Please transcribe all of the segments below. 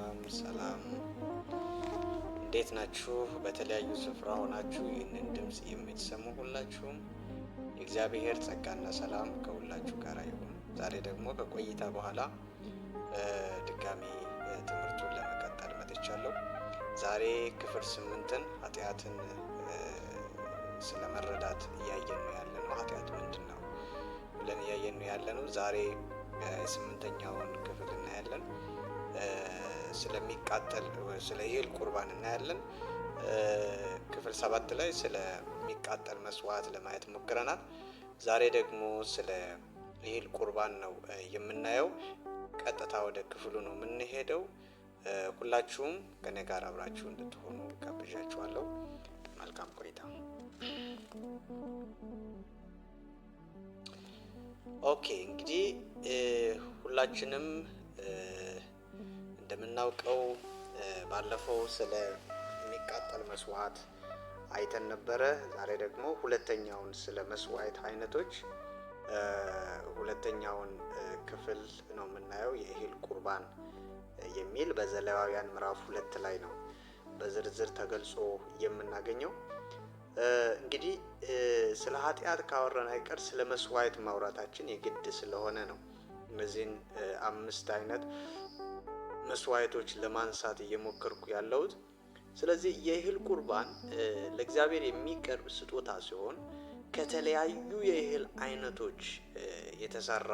ሰላም ሰላም፣ እንዴት ናችሁ? በተለያዩ ስፍራ ሆናችሁ ይህንን ድምፅ የምትሰሙ ሁላችሁም የእግዚአብሔር ጸጋና ሰላም ከሁላችሁ ጋር ይሁን። ዛሬ ደግሞ ከቆይታ በኋላ ድጋሚ ትምህርቱን ለመቀጠል መጥቻለሁ። ዛሬ ክፍል ስምንትን ኃጢአትን ስለመረዳት እያየን ነው ያለ ነው። ኃጢአት ምንድን ነው ብለን እያየን ነው ያለ ነው። ዛሬ ስምንተኛውን ክፍል እናያለን። ስለሚቃጠል ስለ ይህል ቁርባን እናያለን። ክፍል ሰባት ላይ ስለሚቃጠል መስዋዕት ለማየት ሞክረናል። ዛሬ ደግሞ ስለ ይህል ቁርባን ነው የምናየው። ቀጥታ ወደ ክፍሉ ነው የምንሄደው። ሁላችሁም ከኔ ጋር አብራችሁ እንድትሆኑ ጋብዣችኋለሁ። መልካም ቆይታ። ኦኬ እንግዲህ ሁላችንም እንደምናውቀው ባለፈው ስለሚቃጠል መስዋዕት አይተን ነበረ። ዛሬ ደግሞ ሁለተኛውን ስለ መስዋዕት አይነቶች ሁለተኛውን ክፍል ነው የምናየው። የእህል ቁርባን የሚል በዘሌዋውያን ምዕራፍ ሁለት ላይ ነው በዝርዝር ተገልጾ የምናገኘው። እንግዲህ ስለ ኃጢአት ካወረን አይቀር ስለ መስዋዕት ማውራታችን የግድ ስለሆነ ነው እነዚህን አምስት አይነት መስዋዕቶች ለማንሳት እየሞከርኩ ያለሁት። ስለዚህ የእህል ቁርባን ለእግዚአብሔር የሚቀርብ ስጦታ ሲሆን ከተለያዩ የእህል አይነቶች የተሰራ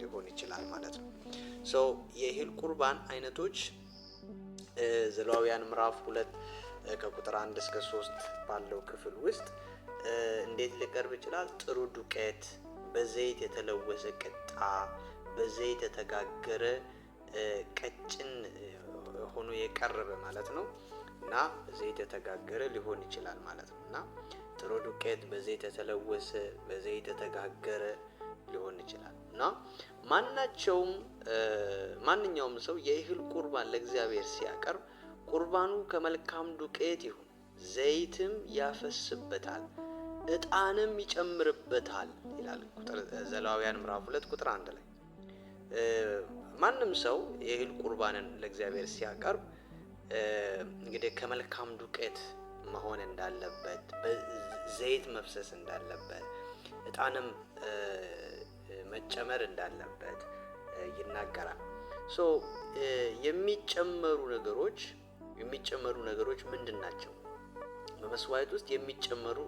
ሊሆን ይችላል ማለት ነው። ሰው የእህል ቁርባን አይነቶች ዘሌዋውያን ምዕራፍ ሁለት ከቁጥር አንድ እስከ ሶስት ባለው ክፍል ውስጥ እንዴት ሊቀርብ ይችላል? ጥሩ ዱቄት፣ በዘይት የተለወሰ ቅጣ በዘይት የተጋገረ ቀጭን ሆኖ የቀረበ ማለት ነው እና ዘይት የተጋገረ ሊሆን ይችላል ማለት ነው እና ጥሩ ዱቄት በዘይት የተለወሰ በዘይት የተጋገረ ሊሆን ይችላል እና ማናቸውም ማንኛውም ሰው የእህል ቁርባን ለእግዚአብሔር ሲያቀርብ ቁርባኑ ከመልካም ዱቄት ይሁን፣ ዘይትም ያፈስበታል፣ ዕጣንም ይጨምርበታል ይላል ዘሌዋውያን ምዕራፍ ሁለት ቁጥር አንድ ላይ ማንም ሰው የእህል ቁርባንን ለእግዚአብሔር ሲያቀርብ እንግዲህ ከመልካም ዱቄት መሆን እንዳለበት፣ ዘይት መፍሰስ እንዳለበት፣ እጣንም መጨመር እንዳለበት ይናገራል። ሶ የሚጨመሩ ነገሮች የሚጨመሩ ነገሮች ምንድን ናቸው? በመስዋዕት ውስጥ የሚጨመሩ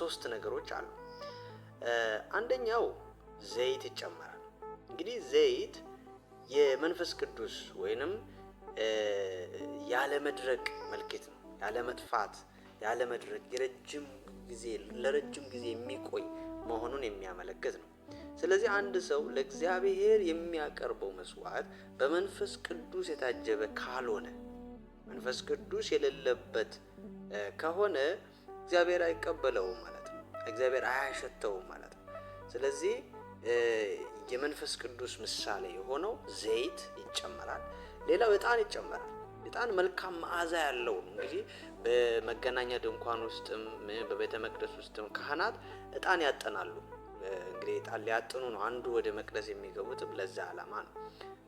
ሶስት ነገሮች አሉ። አንደኛው ዘይት ይጨመራል። እንግዲህ ዘይት የመንፈስ ቅዱስ ወይንም ያለመድረቅ መልክት ነው። ያለመጥፋት፣ ያለመድረቅ የረጅም ጊዜ ለረጅም ጊዜ የሚቆይ መሆኑን የሚያመለክት ነው። ስለዚህ አንድ ሰው ለእግዚአብሔር የሚያቀርበው መስዋዕት በመንፈስ ቅዱስ የታጀበ ካልሆነ መንፈስ ቅዱስ የሌለበት ከሆነ እግዚአብሔር አይቀበለውም ማለት ነው። እግዚአብሔር አያሸተውም ማለት ነው። ስለዚህ የመንፈስ ቅዱስ ምሳሌ የሆነው ዘይት ይጨመራል። ሌላው እጣን ይጨመራል። እጣን መልካም መዓዛ ያለው ነው። እንግዲህ በመገናኛ ድንኳን ውስጥም በቤተ መቅደስ ውስጥም ካህናት እጣን ያጠናሉ። እንግዲህ እጣን ሊያጥኑ ነው። አንዱ ወደ መቅደስ የሚገቡትም ለዛ ዓላማ ነው።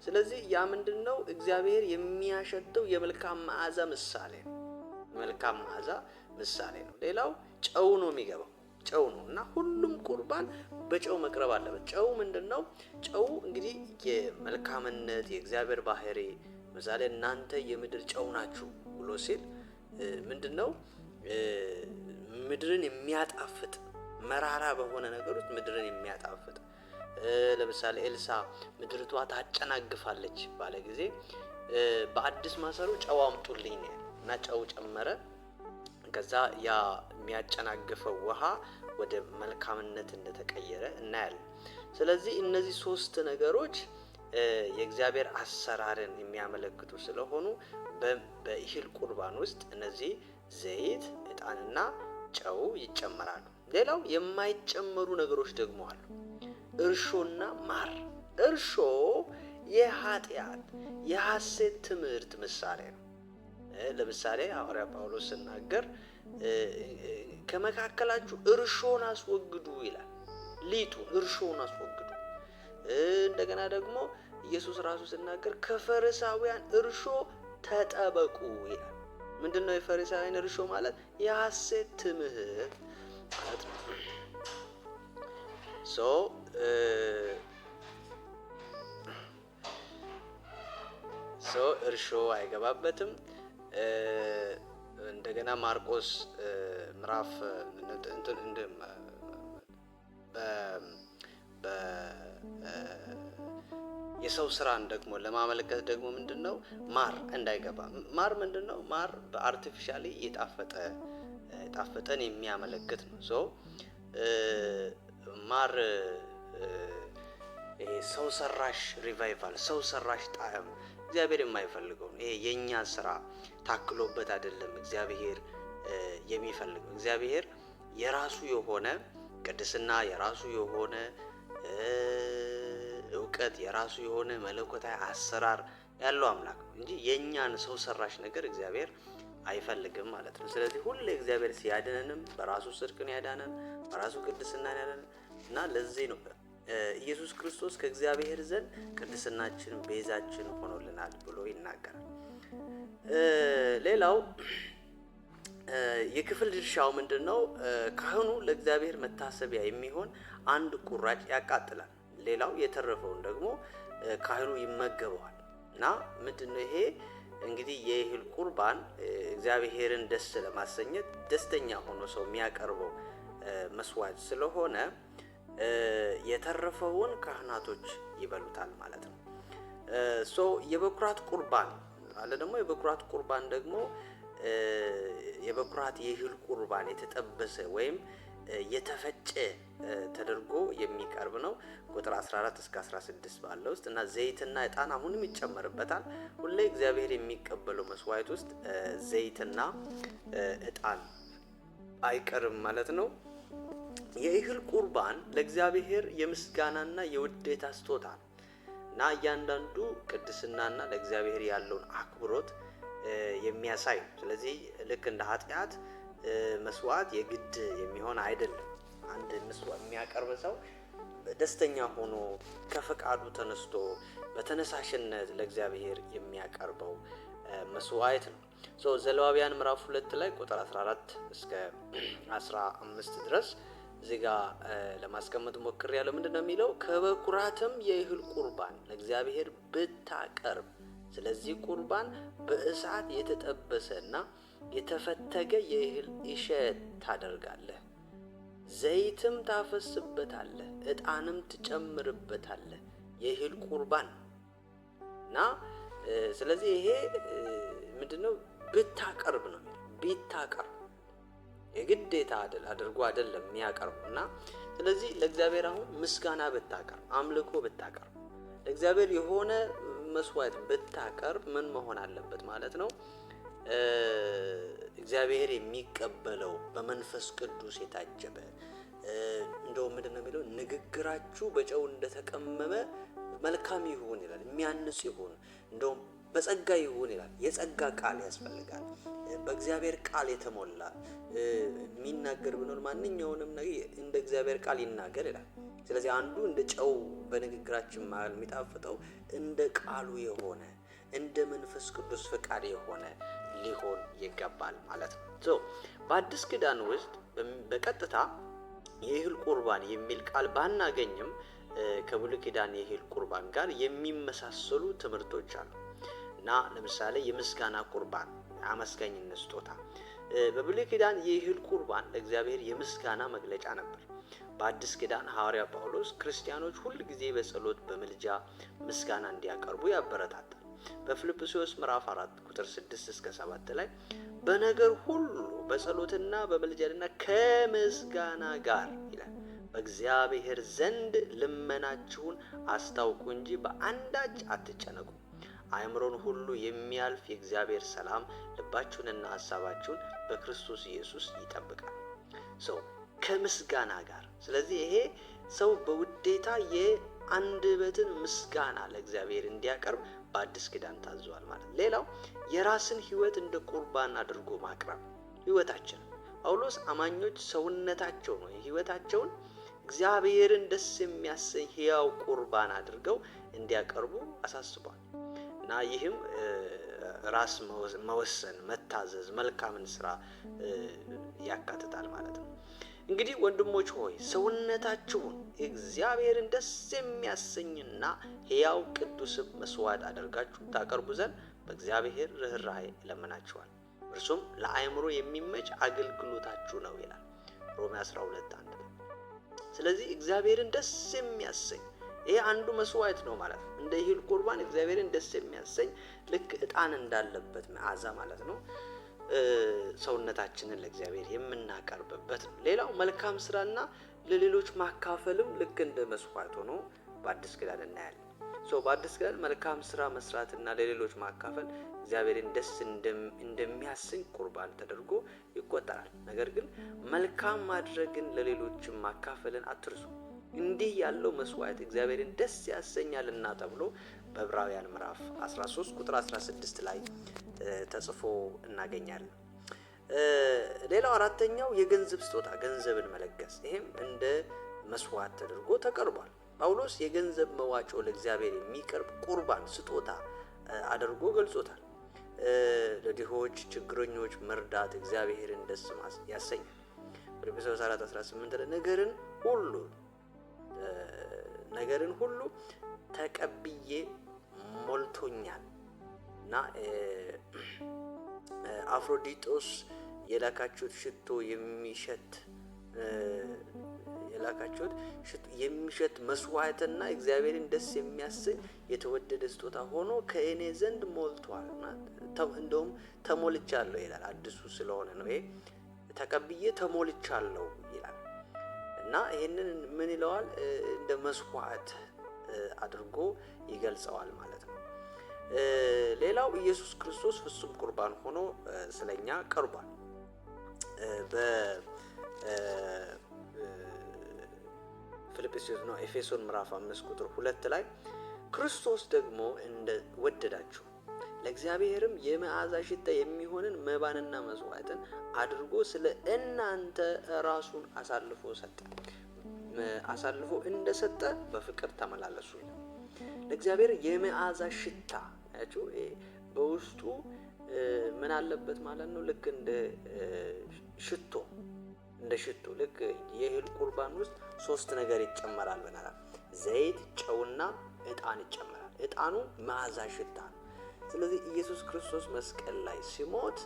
ስለዚህ ያ ምንድን ነው? እግዚአብሔር የሚያሸተው የመልካም መዓዛ ምሳሌ ነው። መልካም መዓዛ ምሳሌ ነው። ሌላው ጨው ነው የሚገባው ጨው ነው እና ሁሉም ቁርባን በጨው መቅረብ አለበት። ጨው ምንድን ነው? ጨው እንግዲህ የመልካምነት የእግዚአብሔር ባህሪ ምሳሌ እናንተ የምድር ጨው ናችሁ ብሎ ሲል ምንድን ነው ምድርን የሚያጣፍጥ መራራ በሆነ ነገሮች ምድርን የሚያጣፍጥ ለምሳሌ ኤልሳ ምድርቷ ታጨናግፋለች ባለ ጊዜ በአዲስ ማሰሮ ጨው አምጡልኝ እና ጨው ጨመረ። ከዛ ያ የሚያጨናግፈው ውሃ ወደ መልካምነት እንደተቀየረ እናያለን። ስለዚህ እነዚህ ሶስት ነገሮች የእግዚአብሔር አሰራርን የሚያመለክቱ ስለሆኑ በእህል ቁርባን ውስጥ እነዚህ ዘይት፣ እጣንና ጨው ይጨመራሉ። ሌላው የማይጨመሩ ነገሮች ደግሞ አሉ። እርሾና ማር። እርሾ የኃጢአት የሐሴት ትምህርት ምሳሌ ነው። ለምሳሌ ሐዋርያ ጳውሎስ ስናገር ከመካከላችሁ እርሾን አስወግዱ ይላል። ሊጡን እርሾን አስወግዱ። እንደገና ደግሞ ኢየሱስ ራሱ ስናገር ከፈሪሳውያን እርሾ ተጠበቁ ይላል። ምንድን ነው የፈሪሳውያን እርሾ ማለት? የሐሴት ትምህርት ማለት ነው። ሶ ሶ እርሾ አይገባበትም። እንደገና ማርቆስ ምዕራፍ የሰው ስራን ደግሞ ለማመለከት ደግሞ ምንድን ነው ማር እንዳይገባ ማር ምንድን ነው ማር በአርቲፊሻሊ የጣፈጠ ጣፈጠን የሚያመለክት ነው። ሶ ማር ይሄ ሰው ሰራሽ ሪቫይቫል ሰው ሰራሽ ጣዕም እግዚአብሔር የማይፈልገው ነው። ይሄ የእኛ ስራ ታክሎበት አይደለም እግዚአብሔር የሚፈልገው። እግዚአብሔር የራሱ የሆነ ቅድስና፣ የራሱ የሆነ እውቀት፣ የራሱ የሆነ መለኮታዊ አሰራር ያለው አምላክ ነው እንጂ የእኛን ሰው ሰራሽ ነገር እግዚአብሔር አይፈልግም ማለት ነው። ስለዚህ ሁሌ እግዚአብሔር ሲያድነንም በራሱ ጽድቅን ያዳነን በራሱ ቅድስናን ያዳነን እና ለዚህ ነው ኢየሱስ ክርስቶስ ከእግዚአብሔር ዘንድ ቅድስናችን ቤዛችን ሆኖልናል ብሎ ይናገራል። ሌላው የክፍል ድርሻው ምንድን ነው? ካህኑ ለእግዚአብሔር መታሰቢያ የሚሆን አንድ ቁራጭ ያቃጥላል። ሌላው የተረፈውን ደግሞ ካህኑ ይመገበዋል። እና ምንድን ነው ይሄ እንግዲህ የእህል ቁርባን እግዚአብሔርን ደስ ለማሰኘት ደስተኛ ሆኖ ሰው የሚያቀርበው መስዋዕት ስለሆነ የተረፈውን ካህናቶች ይበሉታል ማለት ነው። ሶ የበኩራት ቁርባን አለ ደግሞ የበኩራት ቁርባን ደግሞ የበኩራት የእህል ቁርባን የተጠበሰ ወይም የተፈጨ ተደርጎ የሚቀርብ ነው። ቁጥር 14 እስከ 16 ባለ ውስጥ እና ዘይትና ዕጣን አሁንም ይጨመርበታል። ሁሌ እግዚአብሔር የሚቀበለው መስዋዕት ውስጥ ዘይትና ዕጣን አይቀርም ማለት ነው። የእህል ቁርባን ለእግዚአብሔር የምስጋናና የውዴታ ስጦታ ነው እና እያንዳንዱ ቅድስናና ለእግዚአብሔር ያለውን አክብሮት የሚያሳይ ነው። ስለዚህ ልክ እንደ ኃጢአት መስዋዕት የግድ የሚሆን አይደለም። አንድ መስዋዕት የሚያቀርብ ሰው ደስተኛ ሆኖ ከፈቃዱ ተነስቶ በተነሳሽነት ለእግዚአብሔር የሚያቀርበው መስዋዕት ነው። ዘሌዋውያን ምዕራፍ ሁለት ላይ ቁጥር 14 እስከ 15 ድረስ እዚህ ጋር ለማስቀመጥ ሞክር ያለው ምንድን ነው የሚለው ከበኩራትም የእህል ቁርባን ለእግዚአብሔር ብታቀርብ፣ ስለዚህ ቁርባን በእሳት የተጠበሰና የተፈተገ የእህል እሸት ታደርጋለህ፣ ዘይትም ታፈስበታለህ፣ እጣንም ትጨምርበታለህ። የእህል ቁርባን እና ስለዚህ ይሄ ምንድነው ብታቀርብ ነው ቢታቀርብ የግዴታ አድርጎ አይደለም የሚያቀርቡ እና ስለዚህ ለእግዚአብሔር አሁን ምስጋና ብታቀርብ፣ አምልኮ ብታቀርብ፣ ለእግዚአብሔር የሆነ መስዋዕት ብታቀርብ ምን መሆን አለበት ማለት ነው? እግዚአብሔር የሚቀበለው በመንፈስ ቅዱስ የታጀበ እንደው ምንድን ነው የሚለው ንግግራችሁ በጨው እንደተቀመመ መልካም ይሁን ይላል። የሚያንጽ ይሁን እንደውም በጸጋ ይሁን ይላል። የጸጋ ቃል ያስፈልጋል። በእግዚአብሔር ቃል የተሞላ የሚናገር ብኖር ማንኛውንም ነገር እንደ እግዚአብሔር ቃል ይናገር ይላል። ስለዚህ አንዱ እንደ ጨው በንግግራችን መል የሚጣፍጠው እንደ ቃሉ የሆነ እንደ መንፈስ ቅዱስ ፈቃድ የሆነ ሊሆን ይገባል ማለት ነው። በአዲስ ኪዳን ውስጥ በቀጥታ የእህል ቁርባን የሚል ቃል ባናገኝም ከብሉይ ኪዳን የእህል ቁርባን ጋር የሚመሳሰሉ ትምህርቶች አሉ። እና ለምሳሌ የምስጋና ቁርባን አመስገኝነት ስጦታ በብሉይ ኪዳን የእህል ቁርባን ለእግዚአብሔር የምስጋና መግለጫ ነበር። በአዲስ ኪዳን ሐዋርያ ጳውሎስ ክርስቲያኖች ሁል ጊዜ በጸሎት በምልጃ ምስጋና እንዲያቀርቡ ያበረታታል። በፊልጵስዩስ ምዕራፍ 4 ቁጥር 6 እስከ 7 ላይ በነገር ሁሉ በጸሎትና በምልጃና ከምስጋና ጋር ይላል በእግዚአብሔር ዘንድ ልመናችሁን አስታውቁ እንጂ በአንዳች አትጨነቁ አእምሮን ሁሉ የሚያልፍ የእግዚአብሔር ሰላም ልባችሁንና ሀሳባችሁን በክርስቶስ ኢየሱስ ይጠብቃል። ሰው ከምስጋና ጋር ስለዚህ ይሄ ሰው በውዴታ የአንደበትን ምስጋና ለእግዚአብሔር እንዲያቀርብ በአዲስ ኪዳን ታዘዋል ማለት ነው። ሌላው የራስን ህይወት እንደ ቁርባን አድርጎ ማቅረብ ህይወታችን ጳውሎስ አማኞች ሰውነታቸው ነው ሕይወታቸውን እግዚአብሔርን ደስ የሚያሰኝ ሕያው ቁርባን አድርገው እንዲያቀርቡ አሳስቧል። እና ይህም ራስ መወሰን፣ መታዘዝ፣ መልካምን ስራ ያካትታል ማለት ነው። እንግዲህ ወንድሞች ሆይ ሰውነታችሁን እግዚአብሔርን ደስ የሚያሰኝና ሕያው ቅዱስም መስዋዕት አድርጋችሁ ታቀርቡ ዘንድ በእግዚአብሔር ርኅራኄ ለምናችኋል። እርሱም ለአእምሮ የሚመች አገልግሎታችሁ ነው ይላል ሮሜ 12 አንድ። ስለዚህ እግዚአብሔርን ደስ የሚያሰኝ ይሄ አንዱ መስዋዕት ነው ማለት ነው። እንደ ይህል ቁርባን እግዚአብሔርን ደስ የሚያሰኝ ልክ እጣን እንዳለበት መዓዛ ማለት ነው ሰውነታችንን ለእግዚአብሔር የምናቀርብበት ነው። ሌላው መልካም ስራና ለሌሎች ማካፈልም ልክ እንደ መስዋዕት ሆኖ በአዲስ ኪዳን እናያለን። በአዲስ ኪዳን መልካም ስራ መስራትና ለሌሎች ማካፈል እግዚአብሔርን ደስ እንደሚያሰኝ ቁርባን ተደርጎ ይቆጠራል። ነገር ግን መልካም ማድረግን ለሌሎችም ማካፈልን አትርሱ። እንዲህ ያለው መስዋዕት እግዚአብሔርን ደስ ያሰኛልና ተብሎ በዕብራውያን ምዕራፍ 13 ቁጥር 16 ላይ ተጽፎ እናገኛለን። ሌላው አራተኛው የገንዘብ ስጦታ ገንዘብን መለገስ፣ ይሄም እንደ መስዋዕት ተደርጎ ተቀርቧል። ጳውሎስ የገንዘብ መዋጮ ለእግዚአብሔር የሚቀርብ ቁርባን ስጦታ አድርጎ ገልጾታል። ለድሆች፣ ችግረኞች መርዳት እግዚአብሔርን ደስ ያሰኛል። በኤፌሶን 4:18 ነገርን ሁሉ ነገርን ሁሉ ተቀብዬ ሞልቶኛል እና አፍሮዲጦስ የላካችሁት ሽቶ የሚሸት የላካችሁት የሚሸት መስዋዕትና እግዚአብሔርን ደስ የሚያሰኝ የተወደደ ስጦታ ሆኖ ከእኔ ዘንድ ሞልቷል። እንደውም ተሞልቻለሁ ይላል። አዲሱ ስለሆነ ነው ይሄ ተቀብዬ ተሞልቻለሁ ይላል። እና ይህንን ምን ይለዋል እንደ መስዋዕት አድርጎ ይገልጸዋል ማለት ነው። ሌላው ኢየሱስ ክርስቶስ ፍጹም ቁርባን ሆኖ ስለኛ ቀርቧል። በፊልጵስዩስ ነው ኤፌሶን ምዕራፍ አምስት ቁጥር ሁለት ላይ ክርስቶስ ደግሞ እንደ ወደዳችሁ ለእግዚአብሔርም የመዓዛ ሽታ የሚሆንን መባንና መስዋዕትን አድርጎ ስለ እናንተ ራሱን አሳልፎ ሰጠ አሳልፎ እንደሰጠ በፍቅር ተመላለሱ ይላል። ለእግዚአብሔር የመዓዛ ሽታ ያችሁ በውስጡ ምን አለበት ማለት ነው። ልክ እንደ ሽቶ እንደ ሽቶ ልክ የእህል ቁርባን ውስጥ ሶስት ነገር ይጨመራል ብናላል፣ ዘይት፣ ጨውና እጣን ይጨመራል። እጣኑ መዓዛ ሽታ ነው። ስለዚህ ኢየሱስ ክርስቶስ መስቀል ላይ ሲሞት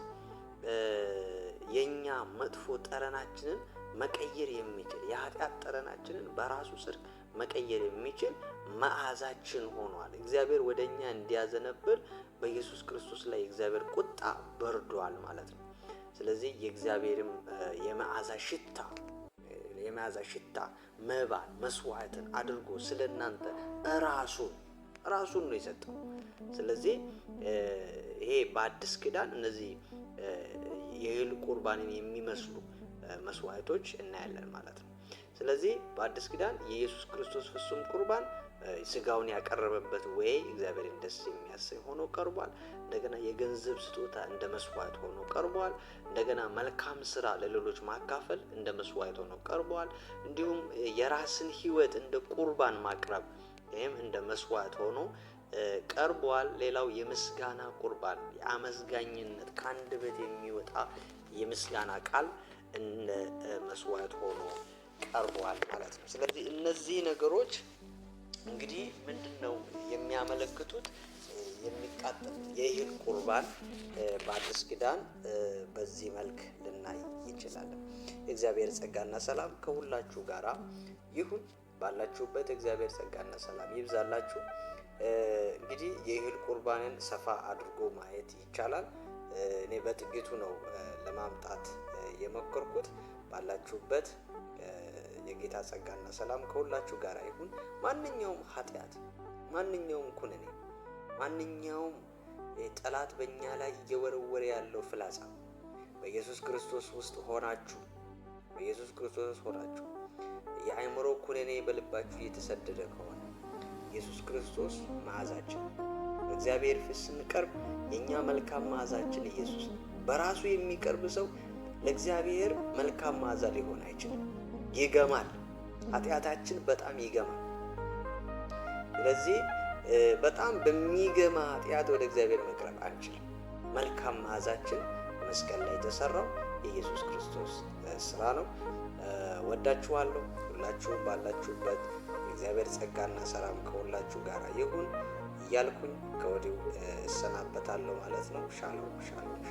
የእኛ መጥፎ ጠረናችንን መቀየር የሚችል የኃጢአት ጠረናችንን በራሱ ስር መቀየር የሚችል መዓዛችን ሆኗል። እግዚአብሔር ወደ እኛ እንዲያዘነብል በኢየሱስ ክርስቶስ ላይ የእግዚአብሔር ቁጣ በርዷል ማለት ነው። ስለዚህ የእግዚአብሔርም የመዓዛ ሽታ የመዓዛ ሽታ መባን መስዋዕትን አድርጎ ስለ እናንተ ራሱን ራሱን ነው የሰጠው። ስለዚህ ይሄ በአዲስ ኪዳን እነዚህ የእህል ቁርባንን የሚመስሉ መስዋዕቶች እናያለን ማለት ነው። ስለዚህ በአዲስ ኪዳን የኢየሱስ ክርስቶስ ፍጹም ቁርባን ስጋውን ያቀረበበት ወይ እግዚአብሔርን ደስ የሚያሰኝ ሆኖ ቀርቧል። እንደገና የገንዘብ ስጦታ እንደ መስዋዕት ሆኖ ቀርቧል። እንደገና መልካም ስራ ለሌሎች ማካፈል እንደ መስዋዕት ሆኖ ቀርቧል። እንዲሁም የራስን ሕይወት እንደ ቁርባን ማቅረብ ይህም እንደ መስዋዕት ሆኖ ቀርቧል። ሌላው የምስጋና ቁርባን የአመስጋኝነት ከአንድ በት የሚወጣ የምስጋና ቃል እነ መስዋዕት ሆኖ ቀርቧል ማለት ነው። ስለዚህ እነዚህ ነገሮች እንግዲህ ምንድን ነው የሚያመለክቱት? የሚቃጠል የእህል ቁርባን በአዲስ ኪዳን በዚህ መልክ ልናይ እንችላለን። እግዚአብሔር ጸጋና ሰላም ከሁላችሁ ጋራ ይሁን። ባላችሁበት እግዚአብሔር ጸጋና ሰላም ይብዛላችሁ። እንግዲህ የእህል ቁርባንን ሰፋ አድርጎ ማየት ይቻላል። እኔ በጥቂቱ ነው ለማምጣት የሞከርኩት። ባላችሁበት የጌታ ጸጋና ሰላም ከሁላችሁ ጋር ይሁን። ማንኛውም ኃጢአት፣ ማንኛውም ኩነኔ፣ ማንኛውም ጠላት በእኛ ላይ እየወረወረ ያለው ፍላጻ በኢየሱስ ክርስቶስ ውስጥ ሆናችሁ በኢየሱስ ክርስቶስ ሆናችሁ የአእምሮ ኩነኔ በልባችሁ እየተሰደደ ከሆነ ኢየሱስ ክርስቶስ መዓዛችን እግዚአብሔር በእግዚአብሔር ፊት ስንቀርብ የእኛ መልካም መዓዛችን ኢየሱስ በራሱ የሚቀርብ ሰው ለእግዚአብሔር መልካም መዓዛ ሊሆን አይችልም። ይገማል። ኃጢአታችን በጣም ይገማል። ስለዚህ በጣም በሚገማ ኃጢአት ወደ እግዚአብሔር መቅረብ አንችልም። መልካም መዓዛችን መስቀል ላይ የተሰራው የኢየሱስ ክርስቶስ ስራ ነው። ወዳችኋለሁ። ሁላችሁም ባላችሁበት የእግዚአብሔር ጸጋና ሰላም ከሁላችሁ ጋር ይሁን እያልኩኝ ከወዲሁ እሰናበታለሁ ማለት ነው። ሻሎም ሻሎም።